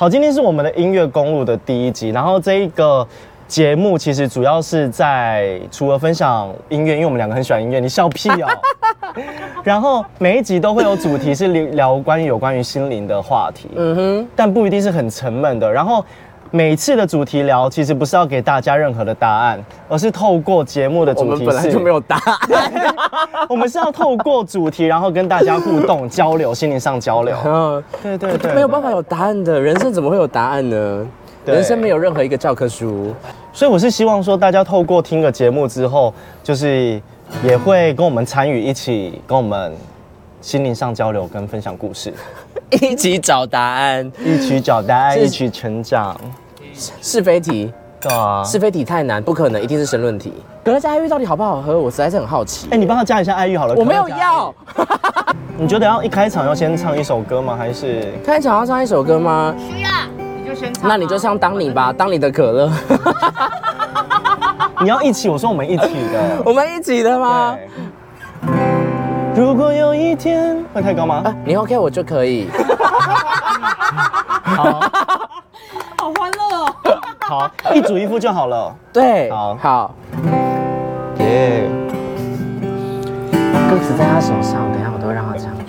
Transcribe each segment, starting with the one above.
好，今天是我們的音樂公路的第一集。然後這一個節目其實主要是在除了分享音樂，因為我們兩個很喜歡音樂，你笑屁啊、哦！ 然後每一集都會有主題是聊聊關於有關於心靈的話題，嗯哼，但不一定是很沉悶的。然後。每次的主題聊，其實不是要給大家任何的答案，而是透過節目的主題，我們本來就沒有答案。我們是要透過主題，然後跟大家互動交流，心靈上交流。嗯， 對對，對對對，啊、沒有辦法有答案的人生怎麼會有答案呢？人生沒有任何一個教科書，所以我是希望說，大家透過聽個節目之後，就是也會跟我們參與一起跟我們。心靈上交流跟分享故事， 一起找答案，一起找答案，一起成長是。是非題？對啊，是非題太難，不可能，一定是申論題。 可樂加愛玉到底好不好、好喝？我實在是很好奇。哎、欸，你幫他加一下愛玉好了。我沒有要。 你覺得要一開場要先唱一首歌嗎？還是開場要唱一首歌嗎？嗯、需要，你就先唱、啊。那你就唱當你吧， 當你的可樂。 你要一起，我說我們一起的， 我們一起的嗎？如果有一天會太高嗎、啊？你 OK 我就可以。 好， 好歡樂哦。 好，一組一副就好了。對，好，好。耶，歌詞在他手上，等一下我都會讓他唱。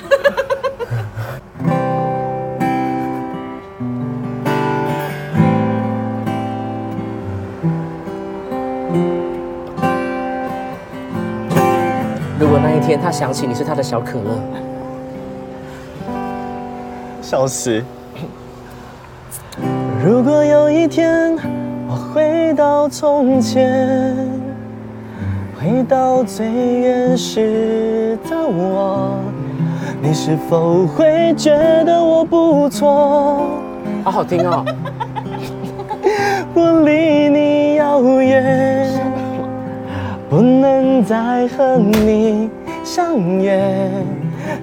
他想起你是他的小可樂，笑死。如果有一天我回到從前，回到最原始的我，你是否會覺得我不錯？好好聽哦。我 離你遙遠，不能再和你。閉上眼，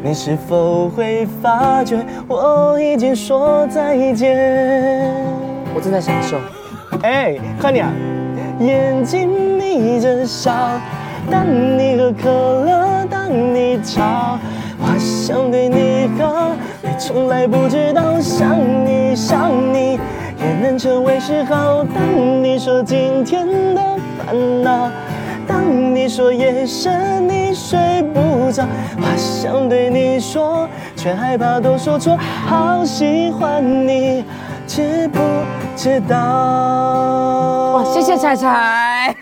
你是否會發覺我已經說再見？我正在享受。哎，看你、啊、眼睛眯着笑，當你喝可樂，當你吵，我想對你好，你從來不知道，想你想你也能成為嗜好。當你說今天的煩惱。當你說夜深你睡不着，我想對你說，卻害怕都說錯，好喜歡你，知不知道？哇，謝謝柴柴。哎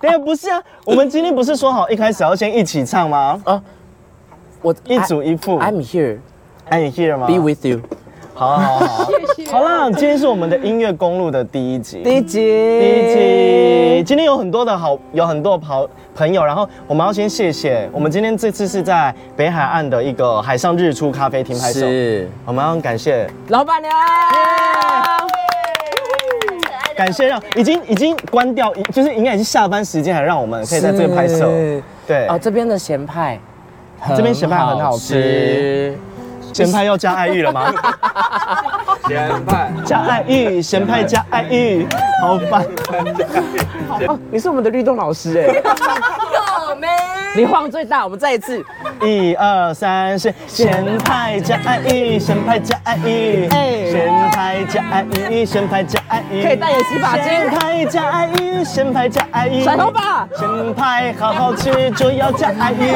Yeah， 不是啊，我們今天不是說好一開始要先一起唱嗎？啊，我一主一副。I, I'm here，I'm here 嗎 here, here,？Be with you。好,好,好,好，好、 啊，好，好了，今天是我們的音樂公路的第一集，第一集，第一集。今天有很多的好，有很多好朋友，然後我們要先謝謝。我們今天這次是在北海岸的一個海上日出咖啡廳拍攝，我們要感謝老板娘，yeah! Yeah! Yeah! 感謝讓已經已經關掉，就是應該已經下班時間，還讓我們可以在這邊拍攝，對。哦，這邊的鹹派，這邊鹹派很好吃。鹹派要加愛玉了嗎？鹹派加愛玉，鹹派，鹹派加愛玉，好棒！好，啊，你是我們的律動老師哎，欸。No, 你晃最大，我們再一次。一二三四，鹹派加愛玉，鹹派加愛玉，鹹派加愛玉，鹹派加愛玉，可以帶有洗髮精。鹹派加愛玉，鹹派加愛玉，甩頭吧，鹹派好好吃，就 要加愛玉。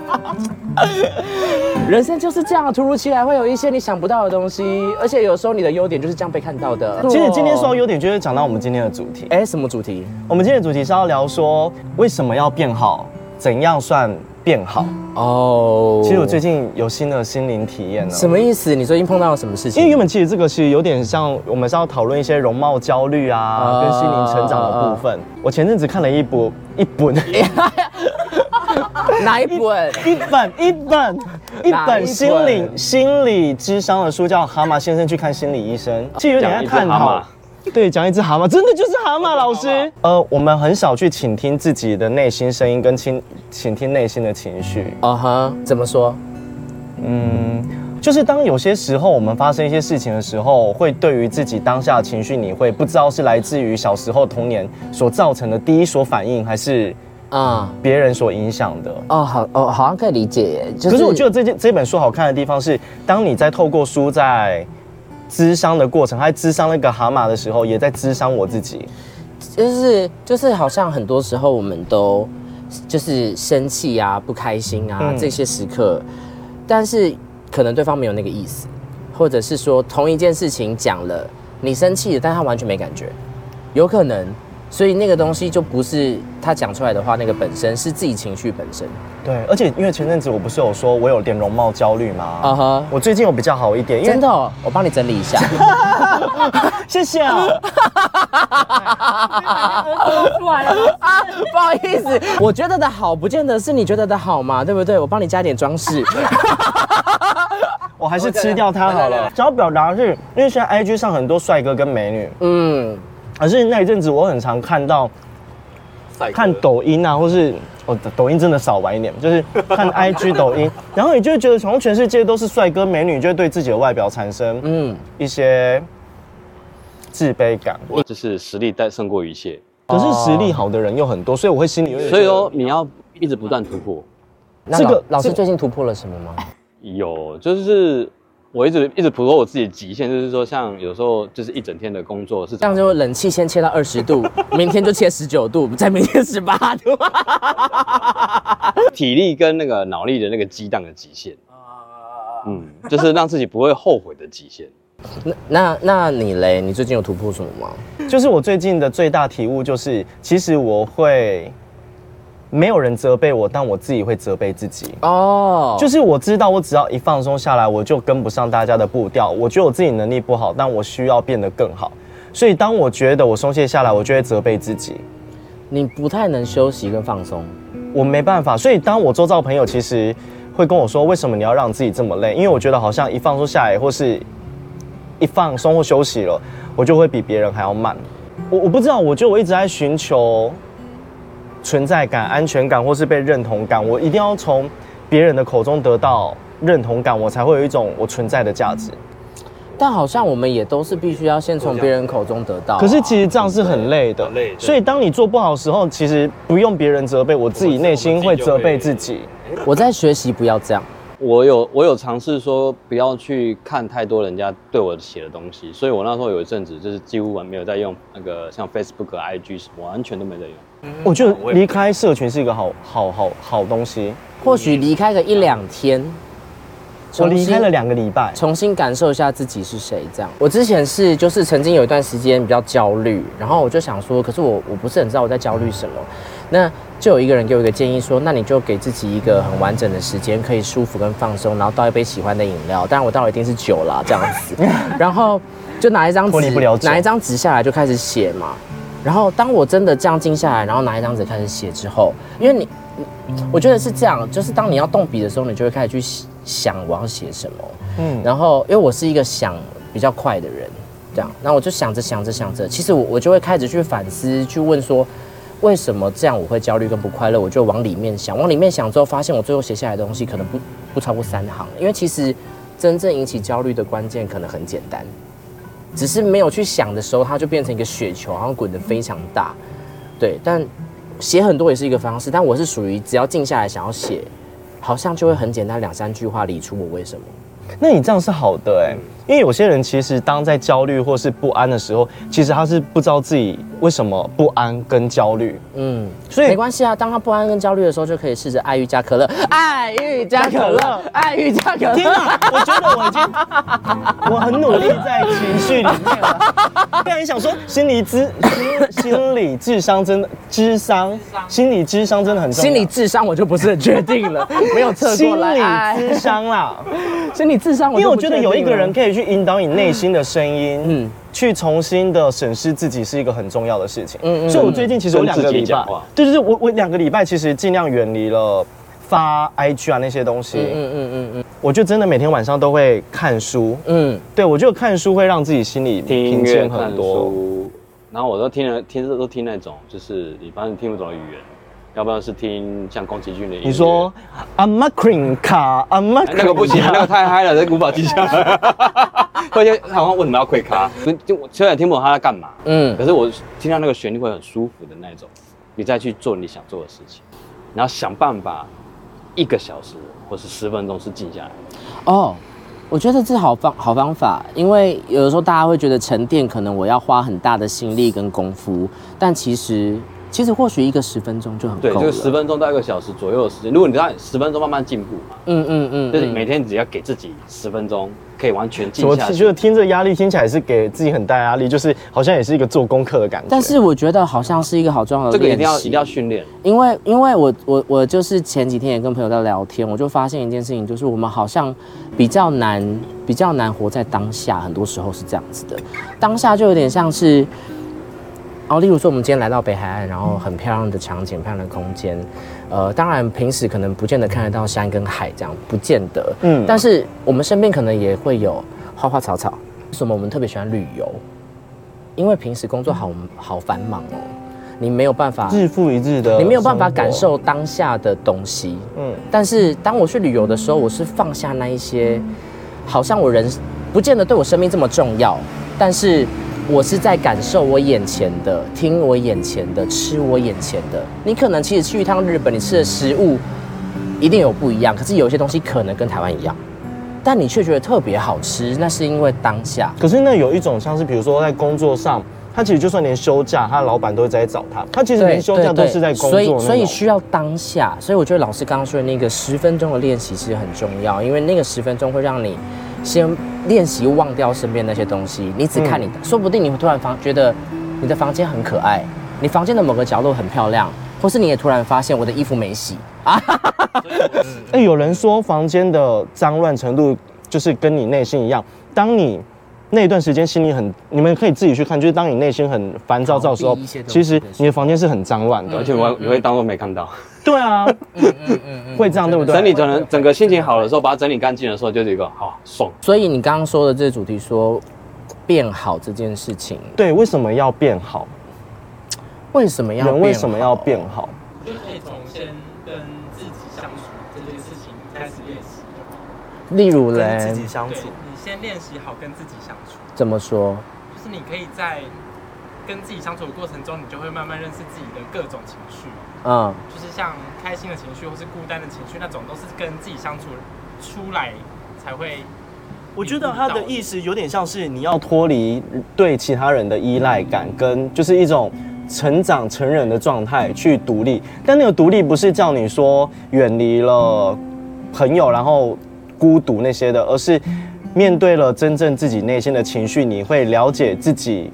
人生就是這樣突如其來會有一些你想不到的東西，而且有時候你的優點就是這樣被看到的。其實今天說優點，就是講到我們今天的主題。哎、嗯欸，什麼主題？我們今天的主題是要聊說為什麼要變好，怎樣算變好。哦。其實我最近有新的心靈體驗了。什麼意思？你最近碰到了什麼事情？因為原本其實這個其實有點像，我們是要討論一些容貌焦慮啊，啊，跟心靈成長的部分。啊、我前陣子看了一部一本。 哪一本？一本一本一本，一本心理本心理諮商的書叫《蛤蟆先生去看心理醫生》，有點在探討，講一隻蛤蟆。對，講一隻蛤蟆，真的就是蛤蟆老師。呃，我們很少去傾聽自己的內心聲音跟，跟聽傾聽內心的情緒啊。哈、uh -huh，怎麼說？嗯，就是當有些時候我們發生一些事情的時候，會對於自己當下的情緒，你會不知道是來自於小時候童年所造成的第一所反應，還是？啊、嗯，別人所影響的哦，好哦，好像可以理解、就是。可是我覺得這件這本書好看的地方是，當你在透過書在，諮商的過程，還諮商那個蛤蟆的時候，也在諮商我自己。就是就是，好像很多時候我們都就是生氣啊、不開心啊、嗯、這些時刻，但是可能對方沒有那個意思，或者是說同一件事情講了，你生氣了，但他完全沒感覺，有可能。所以那個東西就不是他講出來的話，那個本身是自己情緒本身。對，而且因為前陣子我不是有說我有點容貌焦慮嗎？啊哈，我最近有比較好一點，因為真的、哦，我幫你整理一下， 謝謝啊！了、 啊，不好意思，我覺得的好不見得是你覺得的好嘛，對不對？我幫你加點裝飾， 我還是吃掉它 okay, yeah, 好了。想要表達是，因為現在 I G 上很多帥哥跟美女，嗯。而是那一陣子，我很常看到看抖音啊，或是我，哦，抖音真的少玩一點，就是看 IG 抖音。 然後你就會覺得從全世界都是帥哥美女，就會對自己的外表產生嗯一些自卑感。或者是實力帶勝過一切，可是實力好的人又很多，所以我會心裡有點。所以哦，你要一直不斷突破。嗯，那這個老師最近突破了什麼嗎？有，就是。我一直一直捕捉我自己極限，就是說，像有時候就是一整天的工作是，這樣就冷氣先切到二十度， 明天就切十九度， 再明天十八度。 體力跟那個腦力的那個激盪的極限，uh... 嗯，就是讓自己不會後悔的極限。 那那那你嘞？你最近有突破什麼嗎？就是我最近的最大體悟就是，其實我會。沒有人責備我，但我自己會責備自己哦。Oh. 就是我知道，我只要一放鬆下來，我就跟不上大家的步調。我覺得我自己能力不好，但我需要變得更好。所以當我覺得我鬆懈下來，我就會責備自己。你不太能休息跟放鬆，我沒辦法。所以當我周遭朋友其實會跟我說，為什麼你要讓自己這麼累？因為我覺得好像一放鬆下來，或是一放鬆或休息了，我就會比別人還要慢。我我不知道，我覺得我一直在尋求。存在感、安全感，或是被認同感，我一定要從別人的口中得到認同感，我才會有一種我存在的價值、嗯。但好像我們也都是必須要先從別人口中得到、啊。可是其實這樣是很累的。對對對，所以當你做不好的時候，其實不用別人責備，我自己內心會責備自己。我們自己就會，我在學習，不要這樣。我有我有嘗試說不要去看太多人家對我寫的東西，所以我那時候有一陣子就是幾乎我沒有在用那個像 Facebook、IG、什麼，完全都沒在用。我覺得離開社群，是一個好好好好東西。嗯、或許離開個一兩天，嗯、重新我離開了兩個禮拜，重新感受一下自己是誰。這樣，我之前是就是曾經有一段時間比較焦慮，然後我就想說，可是我我不是很知道我在焦慮什麼、嗯。那就有一個人給我一個建議說，說那你就給自己一個很完整的時間，可以舒服跟放鬆，然後倒一杯喜歡的飲料，當然我倒一定是酒啦這樣子。 然後就拿一張紙，拿一張紙下來就開始寫嘛。然後當我真的這樣靜下來，然後拿一張紙開始寫之後，因為你，我覺得是這樣，就是當你要動筆的時候，你就會開始去想我要寫什麼。嗯，然後因為我是一個想比較快的人，這樣，那我就想着想着想着，其實我我就會開始去反思，去問說為什麼這樣我會焦慮跟不快樂？我就往裡面想，往裡面想之後，發現我最後寫下來的東西可能不不超過三行，因為其實真正引起焦慮的關鍵可能很簡單。只是沒有去想的時候，它就變成一個雪球，然後滾得非常大，對。但寫很多也是一個方式，但我是屬於只要靜下來想要寫，好像就會很簡單，兩三句話理出我為什麼。那你這樣是好的、欸，哎、嗯。因為有些人其實當在焦慮或是不安的時候，其實他是不知道自己為什麼不安跟焦慮。嗯，所以沒關係啊。當他不安跟焦慮的時候，就可以試着愛玉加可樂，愛玉加可樂，愛玉加可樂。天啊、 我覺得我已經 我很努力在情緒裡面了。突 然想說，心理智心，心理智商真的智商， 心理智商真的很重要。心理智商我就不是很確定了，沒有測過來。心理智商啦。 心理智商我就不確定了，因為我覺得有一個人可以，去引導你內心的聲音嗯，嗯，去重新的審視自己是一個很重要的事情，嗯嗯，所以我最近其實我兩個禮拜，對對對，我我兩個禮拜其實盡量遠離了發 IG 啊那些東西，嗯嗯嗯嗯，我就真的每天晚上都會看書，嗯，對，我就看書會讓自己心裡平靜很多書，然後我都聽了聽都聽那種就是一般人聽不懂的語言。要不要是聽像宮崎駿的音樂。你說，I'm a i m a。那個不行，啊、那個太嗨了， 在古堡機槍。 他就好像為什麼要跪卡？就聽我實在聽不懂他在幹嘛。嗯。可是我聽到那個旋律會很舒服的那種，你再去做你想做的事情，然後想辦法，一個小時或是十分鐘是靜下來的。哦，我覺得這是好方好方法，因為有的時候大家會覺得沉澱可能我要花很大的心力跟功夫，但其實。其實或許一個十分鐘就很好。對，這個十分鐘到一個小時左右的時間，如果你讓十分鐘慢慢進步嘛，嗯嗯嗯，就是每天只要給自己十分鐘，可以完全靜下來。我我覺得聽這個壓力聽起來是給自己很大壓力，就是好像也是一個做功課的感覺。但是我覺得好像是一個好重要的，這個一定要一定要訓練。因為因為我我我就是前幾天也跟朋友在聊天，我就發現一件事情，就是我們好像比較難比較難活在當下，很多時候是這樣子的，當下就有點像是。然、哦、後，例如說，我們今天來到北海岸，然後很漂亮的場景、嗯、漂亮的空間，呃，當然平時可能不見得看得到山跟海這樣，不見得，嗯，但是我們身邊可能也會有花花草草。為什麼我們特別喜歡旅遊？因為平時工作好、嗯、好繁忙哦，你沒有辦法日復一日的，你沒有辦法感受當下的東西，嗯。但是當我去旅遊的時候，我是放下那一些，好像我人不見得對我生命這麼重要，但是。我是在感受我眼前的，聽我眼前的，吃我眼前的。你可能其實去一趟日本，你吃的食物一定有不一樣，可是有一些東西可能跟台灣一樣，但你卻覺得特別好吃，那是因為當下。可是那有一種像是，比如說在工作上，他其實就算連休假，他的老闆都會在找他，他其實連休假都是在工作。所以所以，需要當下。所以我覺得老師剛剛說的那個十分鐘的練習其實很重要，因為那個十分鐘會讓你先。練習又忘掉身邊那些東西，你只看你的，嗯、說不定你會突然房覺得你的房間很可愛，你房間的某個角落很漂亮，或是你也突然發現我的衣服沒洗啊。哎、 嗯，欸、有人說房間的髒亂程度就是跟你內心一樣，當你那一段時間心裡很，你們可以自己去看，就是當你內心很煩躁躁的時候，其實你的房間是很髒亂的、嗯，而且我會你會當做沒看到。對啊， 嗯嗯嗯，嗯會這樣對，對，對，對，對不對？整理整整個心情好的時候，對對對對把它整理乾淨的時候，就是一個好爽。所以你剛剛說的這個主題說，說變好這件事情，對，為什麼要變好？為什麼要人為什麼要變好？就可以從先跟自己相處這件事情開始練習。例如，跟自己相處，你先練習好跟自己相處。怎麼說？就是你可以在跟自己相處的過程中，你就會慢慢認識自己的各種情緒。嗯，就是像開心的情緒或是孤單的情緒那種，都是跟自己相處出來才會。我覺得他的意思有點像是你要脫離對其他人的依賴感，跟就是一種成長成人的狀態去獨立。但那個獨立不是叫你說遠離了朋友，然後孤獨那些的，而是面對了真正自己內心的情緒，你會了解自己，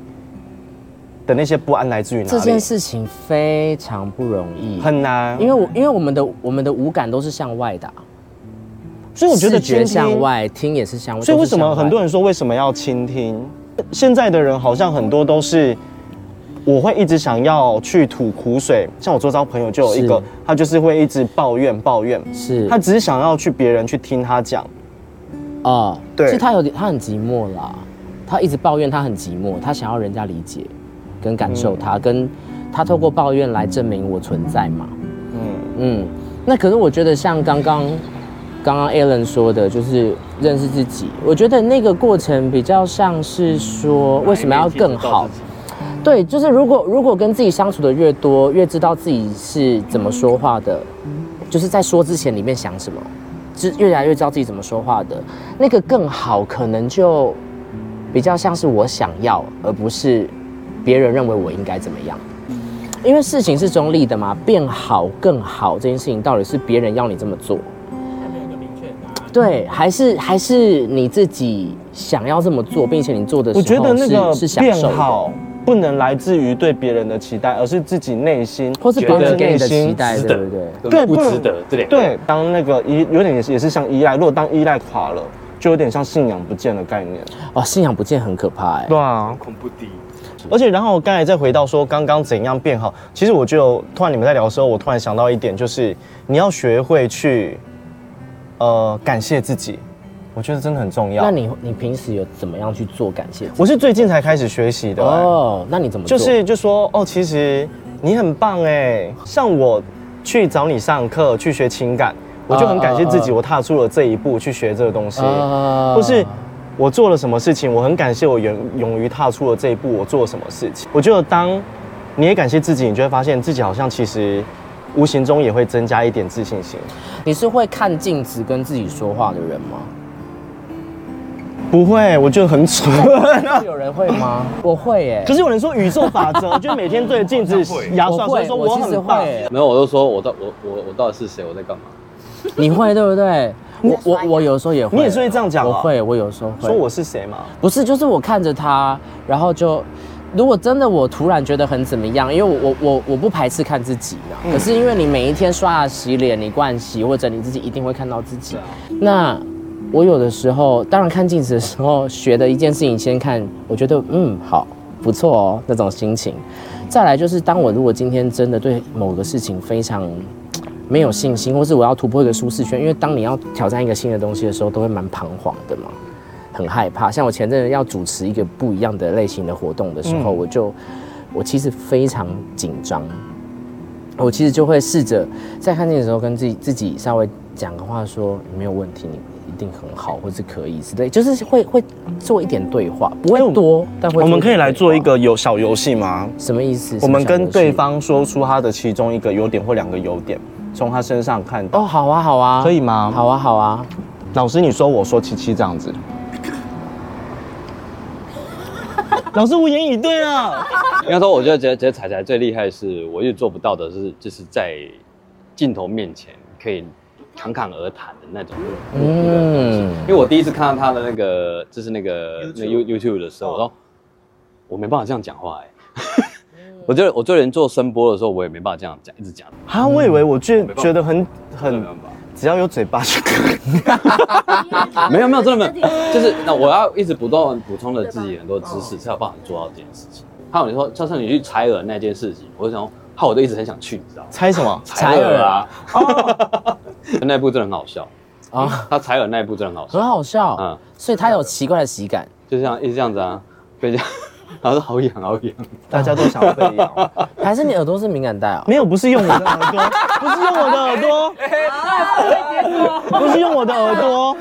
的那些不安來自於哪裡？這件事情非常不容易，很難，因為我因為我們的我們的五感都是向外的，啊，所以我覺得聽覺向外聽也是向外。所以為什麼很多人說為什麼要傾聽？現在的人好像很多都是，我會一直想要去吐苦水。像我周遭朋友就有一個，他就是會一直抱怨抱怨，是他只是想要去別人去聽他講，啊、呃，對，所以他有點他很寂寞啦，他一直抱怨他很寂寞，他想要人家理解。跟感受他、嗯，跟他透過抱怨來證明我存在嘛嗯？嗯嗯。那可是我覺得像剛剛剛剛 Alan 說的，就是認識自己。我覺得那個過程比較像是說為什麼要更好？對，就是如果如果跟自己相處得越多，越知道自己是怎麼說話的，就是在說之前裡面想什麼，越來越知道自己怎麼說話的那個更好，可能就比較像是我想要，而不是。別人認為我應該怎麼樣？因為事情是中立的嘛，變好更好這件事情到底是別人要你這麼做？還沒有一個明確嗎？對，還是還是你自己想要這麼做，嗯、並且你做的時候是我覺得那個變好是，不能來自於對別人的期待，而是自己內心，或是別人給你的期待，對對對？不值得，對不對？對，對對對，當那個依有點也是像依賴，如果當依賴垮了，就有點像信仰不見的概念。哦，信仰不見很可怕哎、欸。對啊，恐怖的。而且，然後剛才再回到說剛剛怎樣變好，其實我就突然你們在聊的時候，我突然想到一點，就是你要學會去，呃，感謝自己，我覺得真的很重要。那你你平時有怎麼樣去做感謝？我是最近才開始學習的、欸、哦。那你怎麼？就是就說哦，其實你很棒哎、欸。像我去找你上課去學情感、啊，我就很感謝自己，我踏出了這一步去學這個東西，啊、或是。我做了什麼事情？我很感謝我勇勇於踏出了這一步。我做了什麼事情？我覺得當你也感謝自己，你就會發現自己好像其實無形中也會增加一點自信心。你是會看鏡子跟自己說話的人嗎？不會，我覺得很蠢、啊。啊、是有人會嗎？ 我會耶、欸。可是有人說宇宙法則， 我覺得、欸、每天對着鏡子牙、牙 刷、欸，會說我很棒我會、欸。沒有，我就說我到我我我到底是誰？我在幹嘛？你會對不對？ 我我我有時候也，會。你也是會這樣講、啊，我會，我有時候會說我是誰嗎？不是，就是我看着他，然後就，如果真的我突然覺得很怎麼樣，因為我我我不排斥看自己、嗯、可是因為你每一天刷牙洗臉，你盥洗，或者你自己一定會看到自己。嗯、那我有的時候，當然看鏡子的時候學的一件事情，先看，我覺得嗯好不錯哦、喔、那種心情。再來就是當我如果今天真的對某個事情非常。沒有信心，或是我要突破一個舒適圈，因為當你要挑戰一個新的東西的時候，都會蠻彷徨的嘛，很害怕。像我前陣子要主持一個不一樣的類型的活動的時候，嗯、我就我其實非常緊張，我其實就會試着在看見的時候跟自己自己稍微講個話說，說沒有問題，你一定很好，或是可以之類，就是會會做一點對話，不會多，欸、但會我們可以來做一個有小遊戲嗎？什麼意思？什麼小遊戲？我們跟對方說出他的其中一個優點或兩個優點。從他身上看到哦，好啊，好啊，可以嗎？嗯、好啊，好啊、嗯。老師，你說，我說七七這樣子， 老師無言以對啊。應該說，我覺得覺得柴柴最厲害，的是我一直做不到的是，是就是在鏡頭面前可以侃侃而談的那種的嗯。嗯，因為我第一次看到他的那個，就是那個 YouTube. 那 YouTube 的時候，我說我沒辦法這樣講話哎、欸。 我就我就連做聲波的時候，我也沒辦法這樣講，一直講。哈，我以為我就覺、嗯、覺得很很，只要有嘴巴就可以。沒有沒有真的沒有，啊、就是那我要一直不斷補充了自己很多知識，才有辦法做到這件事情。還、哦、有你說，就像你去採耳那件事情，我就想說，哈，我就一直很想去，你知道嗎？採什麼？採耳啊。啊 oh. 那部真的很好笑啊，他採耳那部真的很好笑，很好笑。嗯，所以他有奇怪的喜感，嗯、就像一直這樣子啊，這樣。還是好癢，好癢！大家都想要被咬， 還是你耳朵是敏感帶啊？沒有，不是用我的耳朵，不是用我的耳朵， 欸欸、 不是用我的耳朵。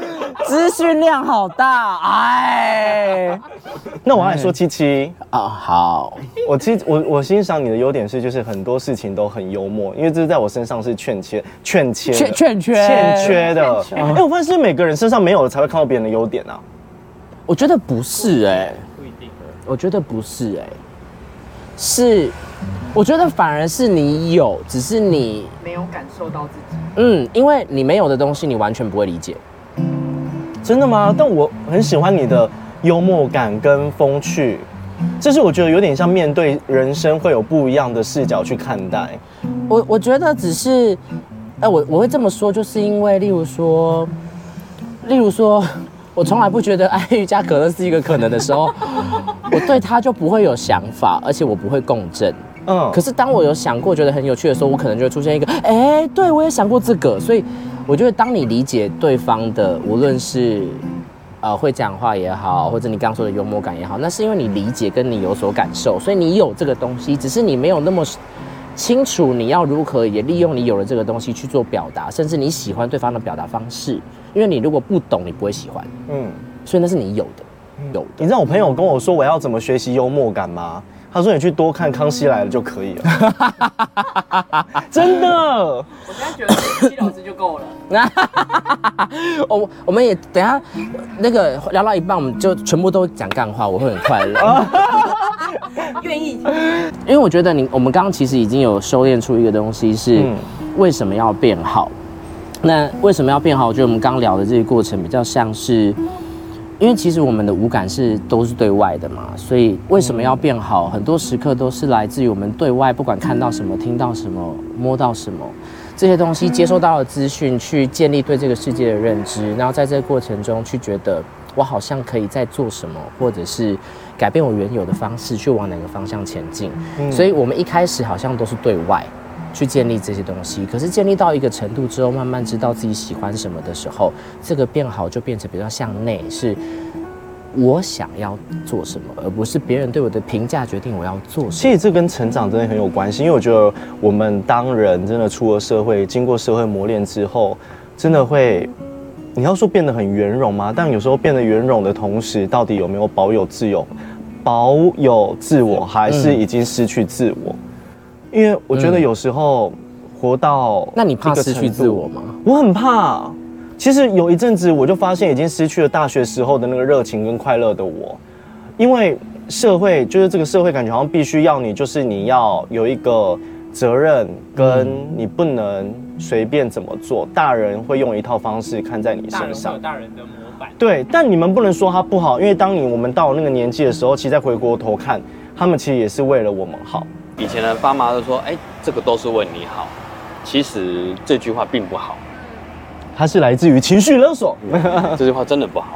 資訊量好大，哎、嗯。那我來說七七、嗯、啊，好，我其實我我欣賞你的優點是，就是很多事情都很幽默，因為這是在我身上是欠缺、欠缺、欠缺、欠缺的。哎、欸，我發現是每個人身上沒有才會看到別人的優點啊。我覺得不是、欸，哎。我覺得不是哎、欸，是，我覺得反而是你有，只是你沒有感受到自己。嗯，因為你沒有的東西，你完全不會理解。真的嗎？但我很喜歡你的幽默感跟風趣，這是我覺得有點像面對人生會有不一樣的視角去看待。我我覺得只是，哎、呃，我我會這麼說，就是因為例如說，例如說我從來不覺得愛瑜伽可能是一個可能的時候。 我對他就不會有想法，而且我不會共振。嗯，oh，可是當我有想過覺得很有趣的時候，我可能就會出現一個，哎、欸，對我也想過這個。所以我覺得，當你理解對方的，無論是呃會講話也好，或者你剛剛說的幽默感也好，那是因為你理解跟你有所感受，所以你有這個東西，只是你沒有那麼清楚你要如何也利用你有了這個東西去做表達，甚至你喜歡對方的表達方式，因為你如果不懂，你不會喜歡。嗯，所以那是你有的。有、嗯，你知道我朋友跟我說我要怎麼學習幽默感嗎？他說你去多看《康熙來了》就可以了。嗯、真的，我現在覺得七秒鐘就夠了。那， 我我們也等一下那個聊到一半我們就全部都講幹話，我會很快樂。願 意，因為我覺得你我們剛剛其實已經有修煉出一個東西是為什麼要變好、嗯，那為什麼要變好？我覺得我們剛聊的這個過程比較像是。因為其實我們的五感是都是對外的嘛，所以為什麼要變好？很多時刻都是來自於我們對外，不管看到什麼、聽到什麼、摸到什麼，這些東西接受到了資訊，去建立對這個世界的認知，然後在這個過程中去覺得我好像可以再做什麼，或者是改變我原有的方式，去往哪個方向前進。所以，我們一開始好像都是對外。去建立這些東西，可是建立到一個程度之後，慢慢知道自己喜歡什麼的時候，這個變好就變成，比較向內是，我想要做什麼，而不是別人對我的評價決定我要做什麼。其實這跟成長真的很有關係，因為我覺得我們當人真的出了社會，經過社會磨練之後，真的會，你要說變得很圓融嗎？但有時候變得圓融的同時，到底有沒有保有自由，保有自我，還是已經失去自我？嗯因為我覺得有時候活到，那你怕失去自我嗎？我很怕。其實有一陣子我就發現已經失去了大學時候的那個熱情跟快樂的我，因為社會就是這個社會，感覺好像必須要你，就是你要有一個責任，跟你不能隨便怎麼做。大人會用一套方式看在你身上，大人的模板。對，但你們不能說他不好，因為當你我們到那個年紀的時候，其實再回過頭看，他們其實也是為了我們好。以前的爸媽都說：“哎、欸，這個都是為你好。”其實這句話並不好，它是來自於情緒勒索。 這句話真的不好，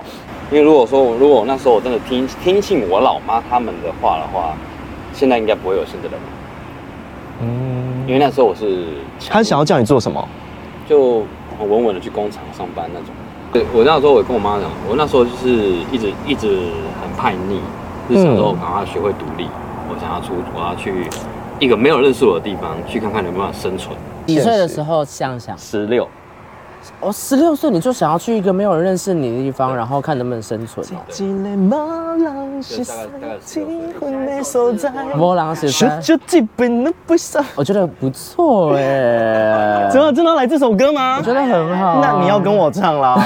因為如果說如果那時候我真的聽聽信我老媽他們的話的話，現在應該不會有現在的我。嗯，因為那時候我是想他想要叫你做什麼？就穩穩的去工廠上班那種。對，我那時候我跟我媽講，我那時候就是一直一直很叛逆，就是想說我趕快學會獨立、嗯，我想要出，我要去。一個沒有認識我的地方，去看看有沒有生存。幾歲的時候想想？十六。哦，十六歲你就想要去一個沒有人認識你的地方，然後看能不能生存哦。摩浪石賽，是是 我覺得不錯哎，欸。怎麼真的真的來這首歌嗎？我覺得很好。 那你要跟我唱了，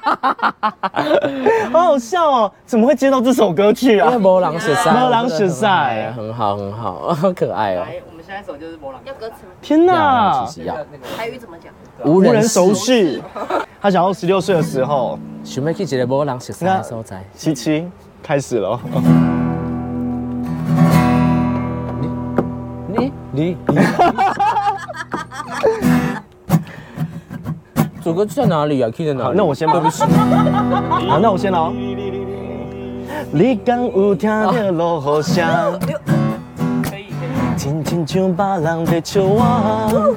好好笑哦！怎麼會接到這首歌去啊？摩浪石賽，摩浪石賽，很好很好，很好呵呵可愛哦。來，我們下一首就是摩浪，要歌詞嗎？天哪，其實要，七七要那個，台語怎麼講？無人熟悉，他想要十六歲的時候，想要去一個無人熟悉的所在。七七，開始了。你你你！主歌在哪裡啊？Key 在哪？那我先背背詩。好，那我先來。你剛有聽到落雨聲，真真像別人在笑我。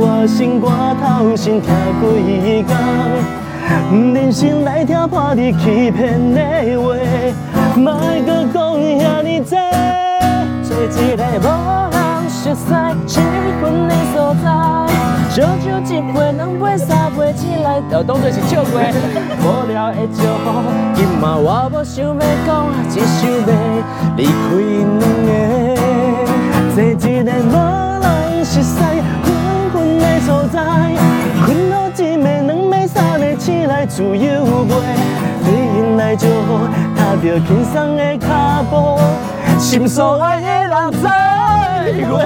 我心肝頭心痛幾工，不忍心來聽破你欺騙的話，莫閣講赫爾多。找一個無人識識七分的所在，燒酒一杯兩杯三杯，酒來到當作是唱歌。無 聊的招呼，今嘛我無想要講，只想要離開因兩個，找一個無人識識。所在，困了一夜，兩夜三夜，醒來自由飛，對影來招呼，踏着輕鬆的腳步，心所愛的人在過。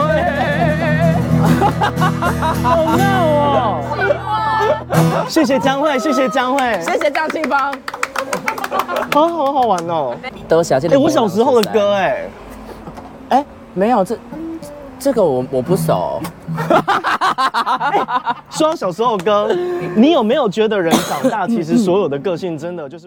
哈哈哈！謝謝江蕙，謝謝江蕙，謝謝張清芳。 好，好好玩哦！我哎、 欸，我小時候的歌哎，哎 、欸，沒有這這個我我不熟。 哈哈哈哈哈！欸，說到小時候哥，你有沒有覺得人長大，其實所有的個性真的就是。